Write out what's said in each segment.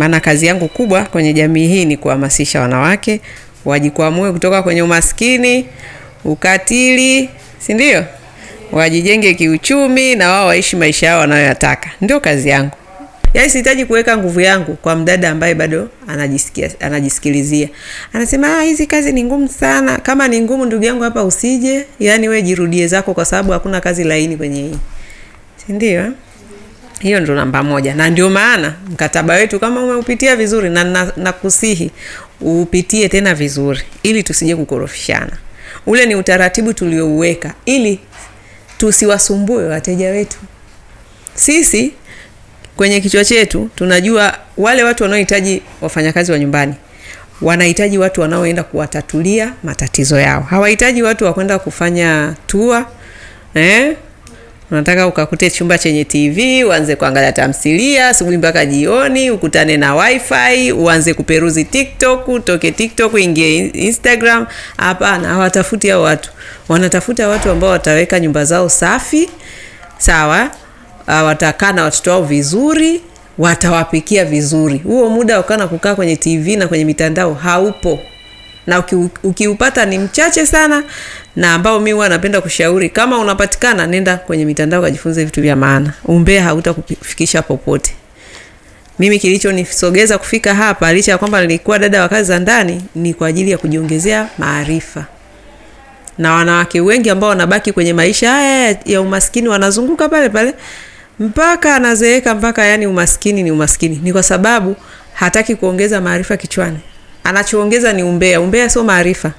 Maana kazi yangu kubwa kwenye jamii hii ni kuhamasisha wanawake wajikwamue kutoka kwenye umaskini, ukatili, si ndio? Wajijenge kiuchumi na wao waishi maisha yao wanayoyataka. Ndio kazi yangu. Yaani sihitaji kuweka nguvu yangu kwa mdada ambaye bado anajisikia anajisikilizia. Anasema ah, hizi kazi ni ngumu sana. Kama ni ngumu ndugu yangu hapa usije. Yaani we jirudie zako kwa sababu hakuna kazi laini kwenye hii. Si eh? Hiyo ndio namba moja, na ndio maana mkataba wetu kama umeupitia vizuri, na nakusihi na upitie tena vizuri, ili tusije kukorofishana. Ule ni utaratibu tuliouweka ili tusiwasumbue wateja wetu. Sisi kwenye kichwa chetu tunajua wale watu wanaohitaji wafanyakazi wa nyumbani wanahitaji watu wanaoenda kuwatatulia matatizo yao, hawahitaji watu wa kwenda kufanya tua eh, unataka ukakute chumba chenye TV, uanze kuangalia tamsilia asubuhi mpaka jioni, ukutane na wifi, uanze kuperuzi TikTok, utoke TikTok uingie Instagram. Hapana, hawatafuti hao watu, wanatafuta watu ambao wataweka nyumba zao safi, sawa, watakaa na watoto wao vizuri, watawapikia vizuri. Huo muda na kukaa kwenye TV na kwenye mitandao haupo na ukiupata uki, ni mchache sana, na ambao mi huwa napenda kushauri, kama unapatikana, nenda kwenye mitandao kajifunze vitu vya maana. Umbea hautakufikisha popote. Mimi kilichonisogeza kufika hapa, licha ya kwamba nilikuwa dada wa kazi za ndani, ni kwa ajili ya kujiongezea maarifa na wanawake wengi ambao wanabaki kwenye maisha haya ya umaskini wanazunguka pale pale mpaka anazeeka, mpaka yani umaskini ni umaskini, ni kwa sababu hataki kuongeza maarifa kichwani anachoongeza ni umbea. Umbea sio maarifa.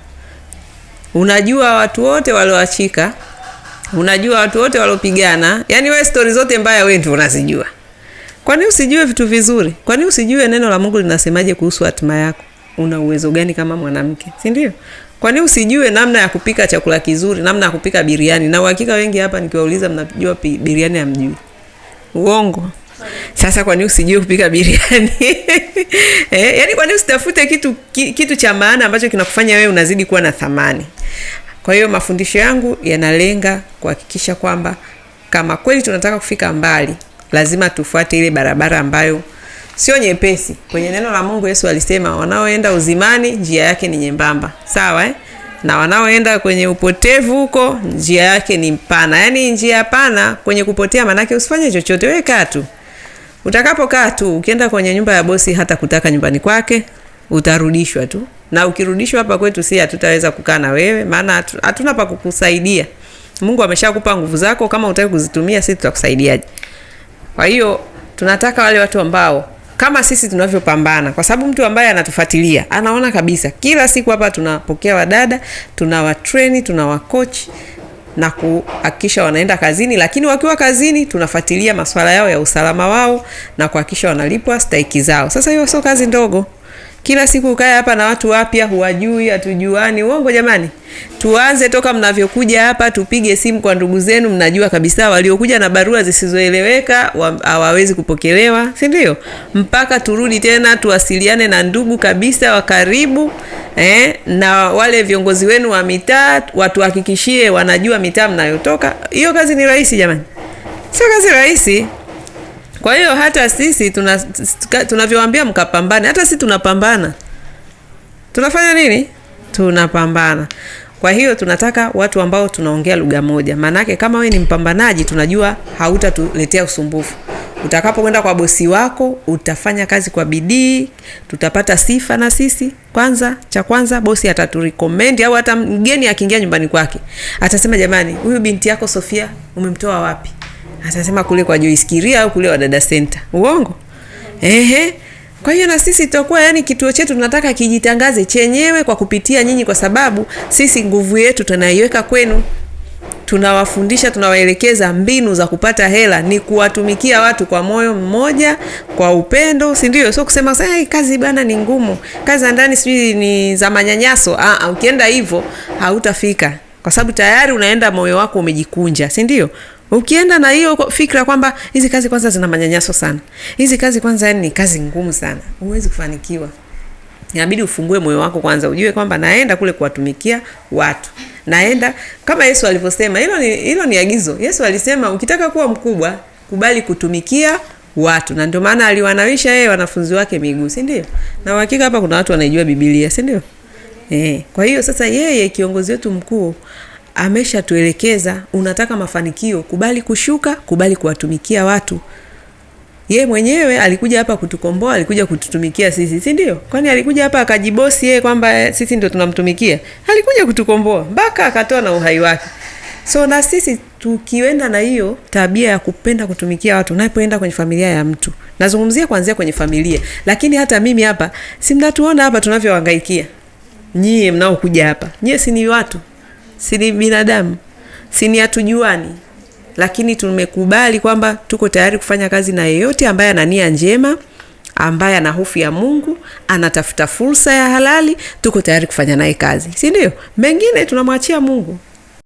Unajua watu wote walioachika, unajua watu wote waliopigana. Yaani wewe stori zote mbaya wewe ndio unazijua. Kwani usijue vitu vizuri? Kwani usijue neno la Mungu linasemaje kuhusu hatima yako? Una uwezo gani kama mwanamke, si ndio? Kwani usijue namna ya kupika chakula kizuri, namna ya kupika biriani? Na uhakika wengi hapa nikiwauliza, mnajua biriani, hamjui. Uongo. Sasa kwa nini usijue kupika biriani? Eh, yani kwa nini usitafute kitu, kitu cha maana ambacho kinakufanya wewe unazidi kuwa na thamani? Kwa hiyo mafundisho yangu yanalenga kuhakikisha kwamba kama kweli tunataka kufika mbali, lazima tufuate ile barabara ambayo sio nyepesi. Kwenye neno la Mungu Yesu alisema wanaoenda uzimani njia yake ni nyembamba, sawa eh? na wanaoenda kwenye upotevu huko njia yake ni mpana. Yaani njia pana kwenye kupotea, manake usifanye chochote, wewe kaa tu. Utakapokaa tu ukienda kwenye nyumba ya bosi hata kutaka nyumbani kwake utarudishwa tu, na ukirudishwa hapa kwetu, si hatutaweza kukaa na wewe, maana hatuna pa kukusaidia. Mungu ameshakupa nguvu zako, kama utaki kuzitumia, sisi tutakusaidiaje? Kwa hiyo tunataka wale watu ambao kama sisi tunavyopambana, kwa sababu mtu ambaye anatufuatilia anaona kabisa, kila siku hapa tunapokea wadada, tuna wakochi na kuhakikisha wanaenda kazini, lakini wakiwa kazini tunafuatilia masuala yao ya usalama wao na kuhakikisha wanalipwa stahiki zao. Sasa hiyo sio kazi ndogo. Kila siku ukae hapa na watu wapya, huwajui, hatujuani. Uongo jamani. Tuanze toka mnavyokuja hapa, tupige simu kwa ndugu zenu, mnajua kabisa waliokuja na barua zisizoeleweka hawawezi kupokelewa, si ndio? Mpaka turudi tena tuwasiliane na ndugu kabisa wa karibu eh, na wale viongozi wenu wa mitaa watuhakikishie wanajua mitaa mnayotoka. Hiyo kazi ni rahisi jamani? Sio kazi rahisi. Kwa hiyo hata sisi tunavyowambia tuna mkapambane, hata sisi tunapambana. Tunafanya nini? Tunapambana. Kwa hiyo tunataka watu ambao tunaongea lugha moja, maanake kama we ni mpambanaji, tunajua hautatuletea usumbufu. Utakapokwenda kwa bosi wako utafanya kazi kwa bidii, tutapata sifa na sisi. Kwanza cha kwanza, bosi ataturecommend au hata mgeni akiingia nyumbani kwake atasema, jamani, huyu binti yako Sofia umemtoa wapi? atasema kule kwa Joyce Kiria au kule Wadada Center. Uongo? Ehe. Kwa hiyo na sisi tutakuwa yani, kituo chetu tunataka kijitangaze chenyewe kwa kupitia nyinyi, kwa sababu sisi nguvu yetu tunaiweka kwenu. Tunawafundisha, tunawaelekeza mbinu za kupata hela, ni kuwatumikia watu kwa moyo mmoja, kwa upendo, si ndio? Sio kusema sasa kazi bana ni ngumu, kazi za ndani sijui ni za manyanyaso. Ah, ukienda hivyo hautafika, kwa sababu tayari unaenda moyo wako umejikunja, si ndio? Ukienda na hiyo fikra kwamba hizi kazi kwanza zina manyanyaso sana, hizi kazi kwanza, yaani ni kazi ngumu sana, huwezi kufanikiwa. Inabidi ufungue moyo wako kwanza, ujue kwamba naenda kule kuwatumikia watu, naenda kama Yesu alivyosema. Hilo ni hilo ni agizo. Yesu alisema ukitaka kuwa mkubwa, kubali kutumikia watu, na ndio maana aliwanawisha yeye wanafunzi wake miguu, si ndio? Na uhakika hapa kuna watu wanaijua Biblia, si ndio? Eh, kwa hiyo sasa, yeye kiongozi wetu mkuu ameshatuelekeza. Unataka mafanikio, kubali kushuka, kubali kuwatumikia watu. Ye mwenyewe alikuja hapa kutukomboa, alikuja kututumikia sisi, si ndio? Kwani alikuja hapa akajibosi yeye kwamba sisi ndio tunamtumikia? Alikuja kutukomboa mpaka akatoa na uhai wake. So na sisi tukienda na hiyo tabia ya kupenda kutumikia watu, unapoenda kwenye familia ya mtu, nazungumzia kuanzia kwenye familia, lakini hata mimi hapa, simnatuona hapa tunavyohangaikia nyie mnaokuja hapa, nyie si ni watu si ni binadamu, si ni hatujuani, lakini tumekubali kwamba tuko tayari kufanya kazi na yeyote ambaye ana nia njema, ambaye ana hofu ya Mungu, anatafuta fursa ya halali, tuko tayari kufanya naye kazi, si ndio? Mengine tunamwachia Mungu.